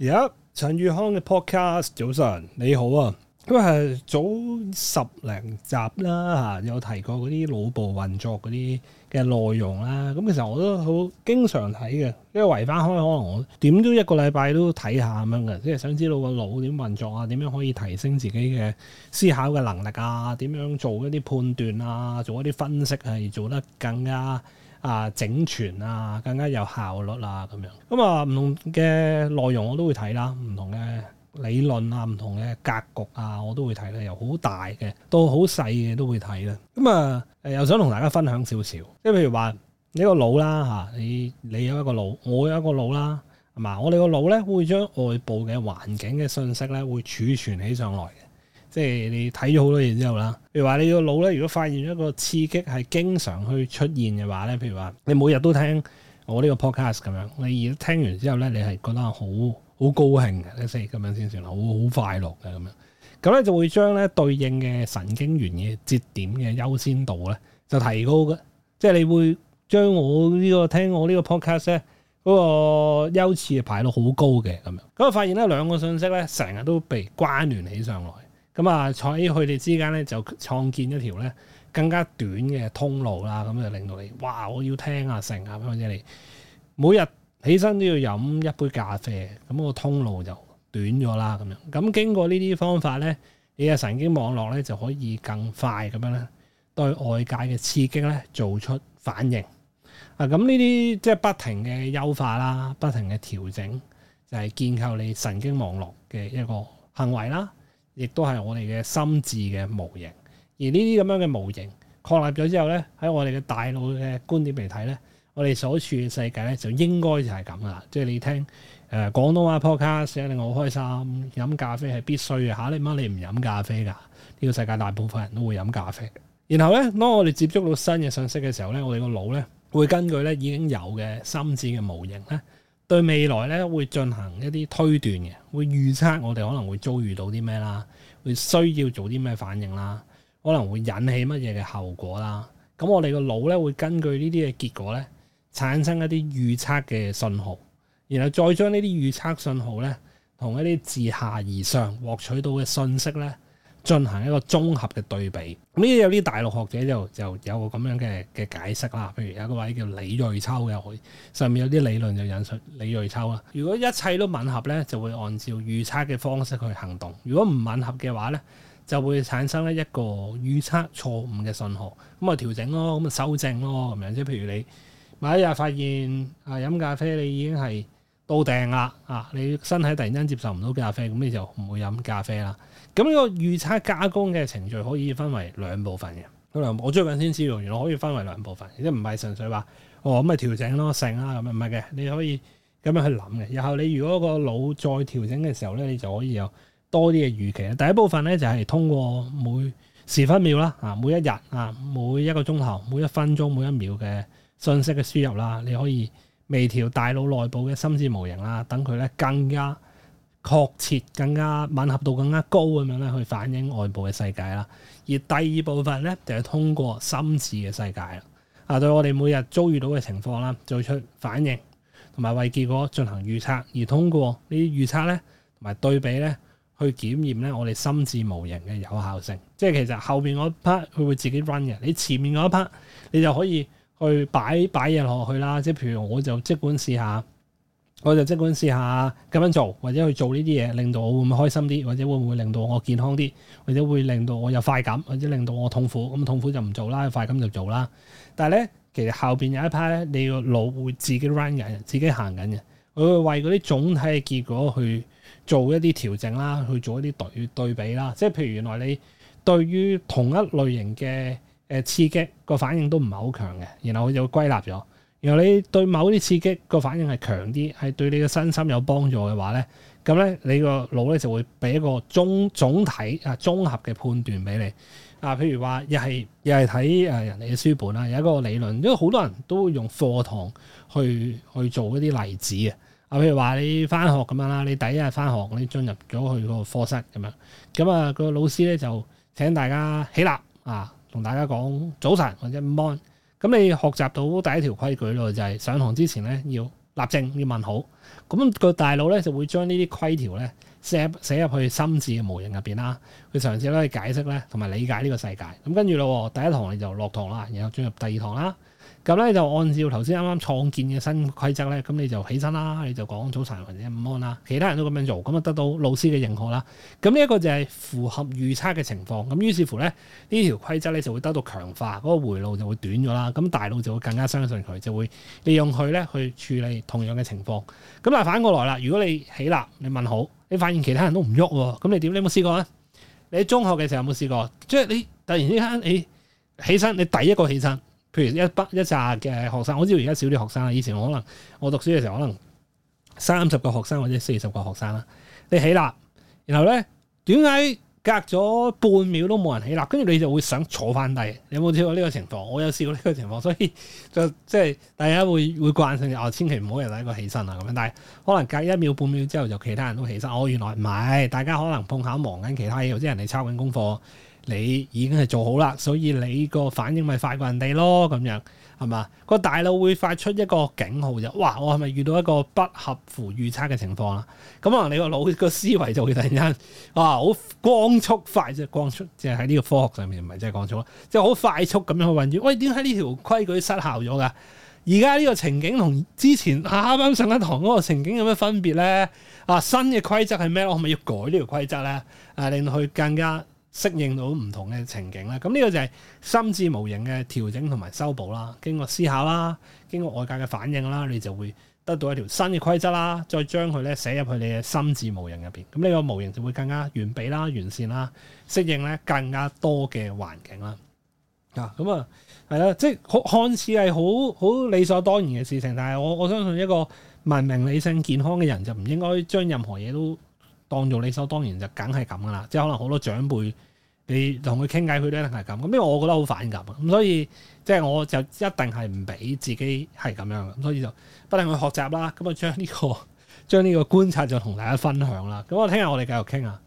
而家、yep, 陳宇康嘅 podcast，早晨你好啊，都係早十零集啦嚇，有提過嗰啲腦部運作嗰啲嘅內容啦。咁其實我都好經常睇嘅，因為圍翻開可能我點都一個禮拜都睇下咁樣嘅，即係想知道個腦點運作啊，點樣可以提升自己嘅思考嘅能力啊，點樣做一啲判斷啊，做一啲分析係做得更加，啊，整全啊，更加有效率啊，咁樣，咁啊，唔同嘅內容我都會睇啦，唔同嘅理論啊，唔同嘅格局啊，我都會睇啦，由好大嘅到好細嘅都會睇啦。咁啊誒、呃，又想同大家分享少少，即係譬如話你個腦啦，嚇，你你有一個腦，我有一個腦啦，係嘛？我哋個腦咧會將外部嘅環境嘅信息咧會儲存起上來嘅。即係你睇咗好多嘢之後啦，譬如話你個腦咧，如果發現咗一個刺激係經常去出現嘅話咧，譬如話你每日都聽我呢個 podcast 咁樣，你而家聽完之後咧，你係覺得好好高興嘅，咁樣先算啦，好好快樂嘅咁樣，咁咧就會將咧對應嘅神經元嘅節點嘅優先度咧就提高嘅，即係你會將我呢、呢個聽我呢個 podcast 咧嗰個優次排到好高嘅咁樣，咁就發現咧兩個信息咧成日都被關聯起上來。咁啊，坐喺佢哋之間咧，就創建一條咧更加短嘅通路啦。咁就令到你哇，我要聽啊成啊咁樣你，每日起身都要飲一杯咖啡，咁個通路就短咗啦。咁樣咁經過呢啲方法咧，你嘅神經網絡咧就可以更快咁樣咧對外界嘅刺激咧做出反應。啊，咁呢啲即係不停嘅優化啦，不停嘅調整，就係建構你神經網絡嘅一個行為啦。亦都係我哋嘅心智嘅模型，而呢啲咁樣嘅模型確立咗之後咧，喺我哋嘅大腦嘅觀點嚟睇咧，我哋所處嘅世界咧就應該就係咁啦。即係你聽誒、呃、廣東話 Podcast 令我好開心，飲咖啡係必須嘅嚇，啊、你乜你唔飲咖啡㗎？呢、這個世界大部分人都會飲咖啡。然後咧，當我哋接觸到新嘅信息嘅時候咧，我哋個腦咧會根據咧已經有嘅心智嘅模型咧。對未來咧會進行一啲推斷嘅，會預測我哋可能會遭遇到啲咩啦，會需要做啲咩反應啦，可能會引起乜嘢嘅後果啦。咁我哋個腦咧會根據呢啲嘅結果咧，產生一啲預測嘅信號，然後再將呢啲預測信號咧，同一啲自下而上獲取到嘅信息咧。進行一個綜合嘅對比，咁呢有啲大陸學者就就有個咁樣嘅嘅解釋啦。譬如有一個位叫李瑞秋嘅，上面有啲理論就引述李瑞秋啊。如果一切都吻合咧，就會按照預測嘅方式去行動；如果唔吻合嘅話咧，就會產生一個預測錯誤嘅信號，咁啊調整咯，咁啊修正咯，咁樣即係譬如你某一日發現啊飲咖啡你已經係。到定啦，啊，你身體突然間接受唔到咖啡，咁你就唔會飲咖啡啦。咁呢個預測加工嘅程序可以分為兩部分嘅。嗱，我最近先知道，原來可以分為兩部分，即唔係純粹話哦咁咪調整咯、醒啦咁樣，唔係嘅，你可以咁樣去諗嘅。然後你如果個腦再調整嘅時候咧，你就可以有多啲嘅預期。第一部分咧就係、是、通過每時分秒啦，啊，每一日啊，每一個鐘頭、每一分鐘、每一秒嘅信息嘅輸入啦、啊，你可以。微調大腦內部嘅心智模型啦，等佢咧更加確切、更加吻合度更加高咁樣咧去反映外部嘅世界啦。而第二部分咧就係、是、通過心智嘅世界啦，啊對我哋每日遭遇到嘅情況啦做出反應，同埋為結果進行預測。而通過預測呢預測咧同埋對比咧去檢驗咧我哋心智模型嘅有效性。即係其實後邊嗰 part 佢會自己 run 嘅，你前面嗰 part 你就可以。去擺擺嘢落去啦，即係譬如我就即管試下，我就即管試下咁樣做，或者去做呢啲嘢，令到我會唔會開心啲，或者會唔會令到我健康啲，或者會令到我有快感，或者令到我痛苦，咁、嗯、痛苦就唔做啦，快感就做啦。但係咧，其實後邊有一 part 咧，你個腦會自己 run 緊，自己行緊嘅，佢會為嗰啲總體嘅結果去做一啲調整啦，去做一啲對對比啦。即係譬如原來你對於同一類型嘅。誒刺激個反應都唔係好強嘅，然後佢就歸納咗。然後你對某啲刺激個反應係強啲，係對你嘅身心有幫助嘅話咧，咁咧你個腦咧就會俾一個綜總體啊綜合嘅判斷俾你啊。譬如話又係又係睇誒人哋嘅書本啦，有一個理論，因為好多人都會用課堂去去做一啲例子嘅啊。譬如話你翻學咁樣啦，你第一日翻學你進入咗去個課室咁樣，咁啊個老師咧就請大家起立啊。同大家講早晨或者午安，咁你學習到第一條規矩咯，就係上堂之前咧要立正，要問好。咁個大腦咧就會將呢啲規條咧寫寫入去心智嘅模型入邊啦。佢嘗試咧去解釋咧同埋理解呢個世界。咁跟住咯，第一堂你就落堂啦，然後進入第二堂啦。咁咧就按照頭先啱啱創建嘅新規則咧，咁你就起身啦，你就講早晨或者午安啦，其他人都咁樣做，咁啊得到老師嘅認可啦。咁呢一個就係符合預測嘅情況。咁於是乎咧，呢條規則咧就會得到強化，嗰個回路就會短咗啦。咁大腦就會更加相信佢，就會利用佢咧去處理同樣嘅情況。咁但係反過來啦，如果你起立，你問好，你發現其他人都唔喐喎，咁你點？你有冇試過啊？你喺中學嘅時候有冇試過？即係你突然之間你起身，你第一個起身。譬如一班一紮嘅學生，我知道而家少啲學生啦。以前我可能我讀書嘅時候，可能三十個學生或者四十個學生啦，你起立，然後咧點解隔咗半秒都冇人起立？跟住你就會想坐翻低。有冇試過呢個情況？我有試過呢個情況，所以就即係大家會會慣性嘅、哦，千祈唔好又第一個起身啊咁樣。但係可能隔一秒半秒之後，就其他人都起身。我、哦、原來唔係，大家可能碰巧忙緊其他嘢，有啲人嚟抄緊功課。你已經係做好啦，所以你個反應咪快過人哋咯，咁樣係嘛？個大腦會發出一個警號就，哇！我係咪遇到一個不合乎預測嘅情況啦？咁可能你個腦個思維就會突然間，哇、啊！好光速快啫，光速即係喺呢個科學上面唔係即係光速即係好快速咁樣去運轉。喂，點解呢條規矩失效咗噶？而家呢個情景同之前啱啱上一堂嗰個情景有咩分別咧？啊，新嘅規則係咩？我係咪要改呢條規則咧？啊，令佢更加～適應到唔同嘅情景啦，咁呢個就係心智模型嘅調整同埋修補啦，經過思考啦，經過外界嘅反應啦，你就會得到一條新嘅規則啦，再將佢咧寫入去你嘅心智模型入邊，咁、這、呢個模型就會更加完美啦、完善啦、適應咧更加多嘅環境啦。啊，咁啊，係啦，即係看似係好好理所當然嘅事情，但係我我相信一個文明、理性、健康嘅人就唔應該將任何嘢都。當做理所當然就梗係咁噶啦，即係可能好多長輩，你同佢傾偈，佢都一定係咁。咁因為我覺得好反感啊，咁所以即係我就一定係唔俾自己係咁樣，咁所以就不定去學習啦。咁啊、這個，將呢個將呢個觀察就同大家分享啦。咁我聽日我哋繼續傾啊。